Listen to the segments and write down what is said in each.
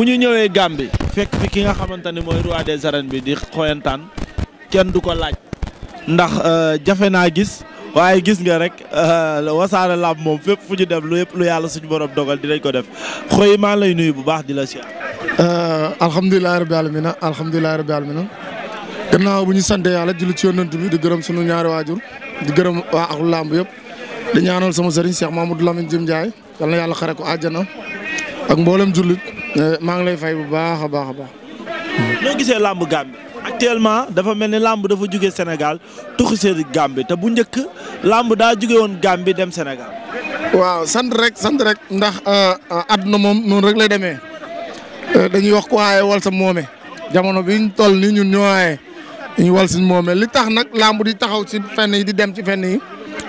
bu ñu ñëwee Gàmbi fekk fi ki nga xamante ni mooy roi des arènes bi di xoyantaan kenn du ko laaj ndax euh, jafe naa gis waaye gis nga rek euh, wasaare làmb moom fépp fu ñu dem lu yëpp lu yàlla suñu borom dogal dinañ ko def xoy maa lay nuyu bu baax di la siyaar. alhamdulilah euh, rabbi alamina alhamdulilah rabbi alamina naa bu ñu sant yàlla julli ci yonent bi di gërëm sunu ñaari waajur di gërëm waa ak làmb yëpp di ñaanal sama sëriñ Cheikh Mamadou Lamine Jim Ndiaye yal na yàlla xare ko àjjana ak mboolem jullit. Euh, maa ngi lay fay bu baax a baax a baax. noo gisee làmb Gambie actuellement dafa mel ni làmb dafa jóge Sénégal tuxu seen Gambie te bu njëkk làmb daa jóge woon Gambie dem Sénégal. waaw sant rek sant rek ndax euh, euh, àdduna moom noonu rek lay demee dañuy wax ko aaye wal sa moome jamono bi ñu tol nii ñun ñoo aaye ñu wal suñ moome li tax nag làmb di taxaw ci fenn yi di dem ci fenn yi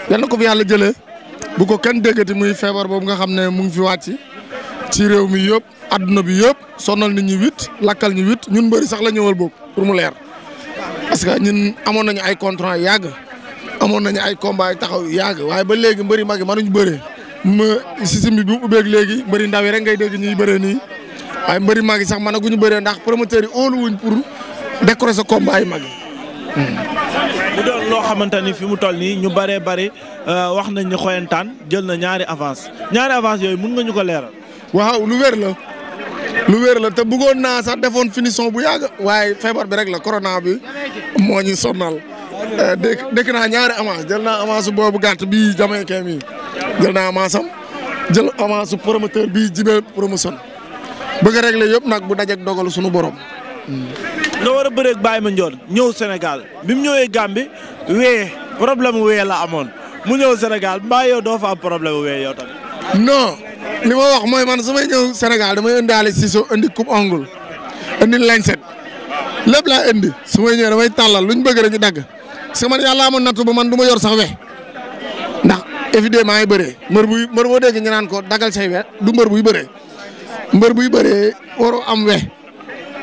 yal na ko fi yàlla jële bu ko kenn déggati muy feebar boobu nga xam ne mu ngi fi wàcc. ci réew mi yëpp adduna bi yëpp sonal nit ñu huit lakkal ñu huit ñun mbëri sax la ñëwal boog pour mu leer parce que ñun amoon nañu ay contrat yàgg amoon nañu ay combat taxaw yàgg waaye ba léegi mbër mbëri mag yi mënuñu bëree ma si bi bu ubbeeg léegi mbëri ndaw yi rek ngay dégg ñuy bëree nii waaye mbëri mag yi sax mënaguñu bëree ndax promoteur yi óolu wuñ pour décorer sa combat yi mag mu doon loo xamante ni fi mu toll nii ñu bëree bëri euh, wax nañ ni xoyantaan jël na ñaari avance ñaari avance yooyu mun nga ñu ko leeral. waaw lu wér la lu la te bëggoon naa sax defoon bu yàgg waaye feebar bi rek la corona bi moo ñu sonnal euh, dëkk dëkk naa ñaari avance jël naa avance boobu gàtt bii jamaïcain mi jël naa avance jël avance promoteur bii jibee promotion bëgg a régler yëpp nag bu dajek dogal suñu borom. nga war a bëreeg Baye Mandione ñëw Sénégal bi mu ñëwee Gambie wee problème wee la amoon mu ñëw Sénégal mbaa yow doo fa am wee yow tamit. li ma wax mooy man su may ñëw Sénégal damay indaale ciseau indi coupe ongle indi lancet lépp laa indi su may ñëwee damay tàllal luñ bëgg rek ñu dagg parce que man yàlla amoon ba man du ma yor sax we ndax évidemment yi bëree mbër buy mbër naan ko daggal say du mbër buy bëree mbër buy bëree am we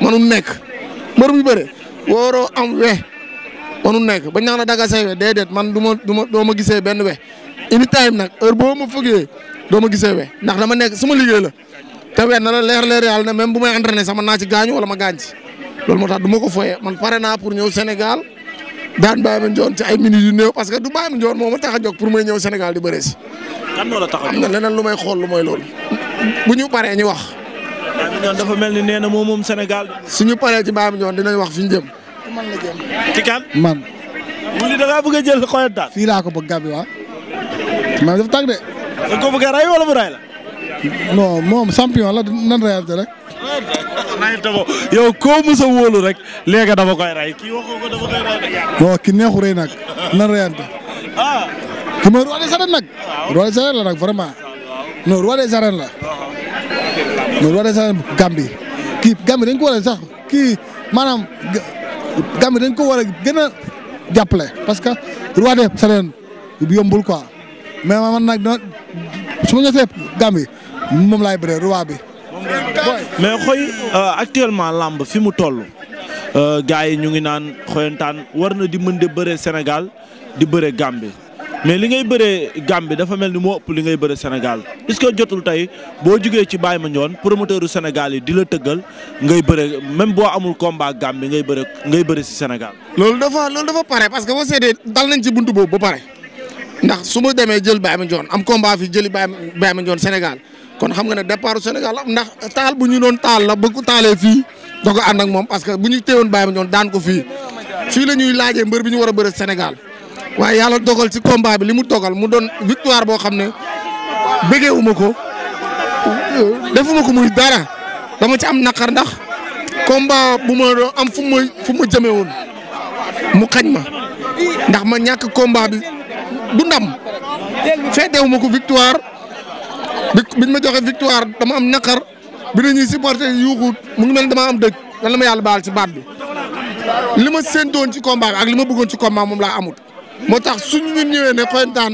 manul nekk mbër buy bëree waroo am we manul nekk ba ñaan a daggal we déedéet man du ma du gisee benn we ini nag heure boo ma fëggee doo ma gisee we ndax dama nekk ma liggéey la te weer na la leer leer yàlla na même bu ma entraîné sax man naa ci gaañu wala ma gaañ ci loolu moo tax du ma ko foyee man pare naa pour ñëw Sénégal daan Baye Mandione ci ay minutes yu néew parce que du Baye Mandione moo ma tax a jóg pour may ñëw Sénégal di bëre si. kan moo la tax a am na leneen lu may xool lu mooy loolu. bu ñu paree ñu wax. Baye mel ni nee na moom moom Sénégal. suñu paree ci Baye Mandione dinañ wax fi ñu jëm. man la jëm. ci kan man. wuli da ngaa bëgg a jël xoyantaan. fii laa ko bëgg Gabi waa man dafa tàgg de. da nga ko bëgg a rey wala la. non moom champion la nan reyante rek. yow koo mës wóolu rek léegi dafa koy rey kii waxoo dafa koy rey rek. ki neexu rey nag nan reyante. ah. ki mooy roi des nag. roi des la nag vraiment. non roi des la. Uh-huh. non roi des arènes Gambie. kii Gambie dañ ko sax kii maanaam Gambie dañ ko war a gën a jàppale parce que roi des arènes yombul quoi man nag su ma ñëwee Gambie moom laay bëree roi bi. mais xoy euh, actuellement làmb fi mu toll. Euh, gars yi ñu ngi naan xoyantaan war na di mën di bëree Sénégal di bëree Gambie mais li ngay bëree Gambie dafa mel ni moo ëpp li ngay bëree Sénégal est-ce jotul tey boo jugee ci Baye Mandione promoteur u Sénégal yi di la tëggal ngay bëree même boo amul combat Gambie ngay bëree ngay bëree si Sénégal. loolu dafa loolu dafa pare parce que boo seetee dal nañ si bunt boobu ba pare. ndax su ma demee jël Baye Mandione am combat fi jëli Baye Baye Mandione Sénégal kon xam nga ne départ Sénégal ndax taal bu ñu doon taal la ba taalee fii doo ko ak moom parce que bu ñu téewoon Baye Mandione daan ko fii fii la ñuy laajee mbër bi ñu war a bëre Sénégal waaye yàlla dogal si combat bi li mu dogal mu doon victoire boo xam ne bëggeewuma ko def defuma ko muy dara dama ci am naqar ndax combat bu ma am fu ma fu ma jëmee woon mu xañ ma ndax ma ñàkk combat bi. du ndam feetewu ma ko victoire bi biñ ma joxe victoire dama am naqar bi nañuy supporter yuuxu mu ngi mel dama am dëj lan la ma yàlla baal si baat bi li ma séentoon ci combat bi ak li ma bëggoon ci combat moom laa amut moo tax suñ ñun ñëwee ne xoyantaan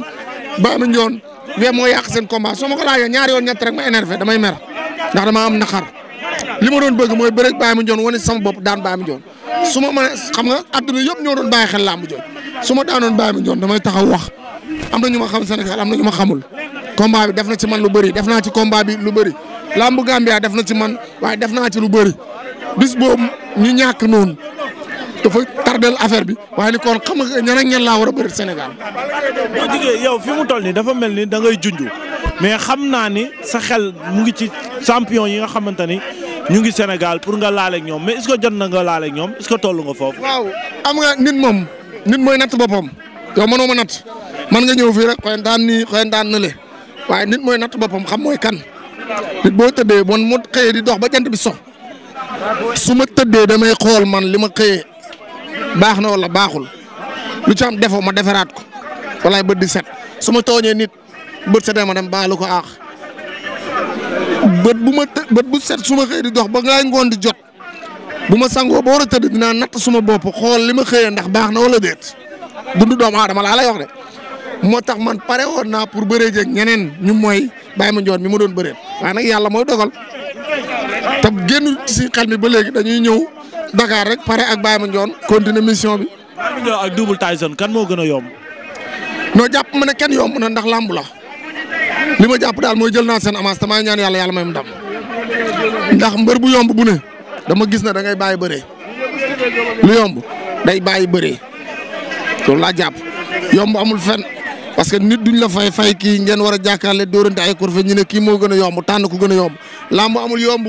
ba amuñ yoon wee moo yàq seen combat soo ma ko laajee ñaari yoon ñett rek ma énervé damay mer ndax dama am naqar li ma doon bëgg mooy bëreeg bàyyi ma joon wane sama bopp daan bàyyi ma joon su ma mën xam nga àdduna yëpp ñoo doon bàyyi xel làmb joon su ma daanoon bàyyi joon damay taxaw wax am na ñu ma xam Sénégal am na ñu ma xamul combat bi na ci man lu bari def naa ci combat lu lu bëri lambu Gambia def na ci man waaye def naa ci lu bëri bis boobu ñu ñàkk noonu dafa tardel affaire bi waaye ni kon xam nga ñan laa war a bëri Sénégal. boo jigee yow fi mu toll dafa mel ni dangay ngay mais xam naa ni sa xel mu ngi ci champion yi nga xamante ni ñu ngi senegal pour nga laale ak ñoom mais est-ce jot na nga laale ñoom est-ce que toll nga foofu. waaw am nga man nga ñëw fii rek xëy daan nii xëy na le waaye nit mooy natt boppam xam mooy kan nit boo tëddee man mu xëyee di dox ba jant bi so su ma tëddee damay xool man li ma xëyee baax na wala baaxul lu ci am defoo ma deferaat ko walaay bët di set su ma tooñee nit bët setee ma dem baalu ko aax bët bu ma bu set su ma xëyee di dox ba ngaa ngoon di jot bu ma sangoo ba war a tëdd dinaa natt suma bopp xool li ma xëyee ndax baax na wala déet dundu doomu aadama laa lay wax de. moo tax man pare woon naa pour bëree jeeg ñeneen ñu mooy Baye Mandione mi ma doon bëree waaye nag yàlla mooy dogal te génn si xel mi ba léegi dañuy ñëw dakaar rek pare ak Baye Mandione continuer mission bi. Baye Mandione ak Double Tyson moo gën a yomb. non jàpp ma ne kenn yomb na ndax làmb li ma jàpp daal mooy jël naa seen avance te maa ñaan yàlla yàlla may mu ndam ndax mbër bu yomb bu ne dama gis na da ngay bàyyi bëree lu yomb day bàyyi bëree loolu laa jàpp yomb amul fenn. parce que nit duñ la fay fay kii ngeen war a jàkkaarle dóorante ay kurfe ñu ne kii moo gën a yomb tànn ku gën a yomb làmb amul yomb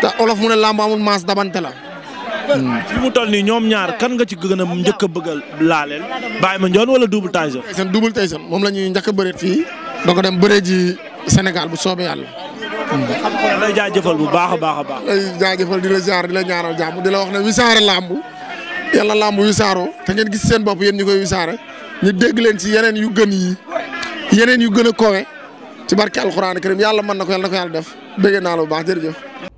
te olof mu ne làmb amul maas dabante la. Hmm. fi mu ñoom ñaar kan nga ci gën a njëkk a bëgg a laaleel Baye Mandione wala Double Tyson. Double Tyson moom la ñuy njëkk a bëreet fii da ko dem bëree ji Sénégal bu soobe yàlla. Hmm. lay jaajëfal bu baax a baax a baax. jaajëfal di la jaar di la ñaaral jàmm di la wax ne wisaare làmb yàlla làmb wisaaroo te ngeen gis seen bopp yen ñu koy wisaare ñu dégg leen ci yeneen yu gën yi yeneen yu gën a kowe ci barke alxuraan karim yàlla mën na ko yàlla na ko def bëggee naa la bu baax jërëjëf.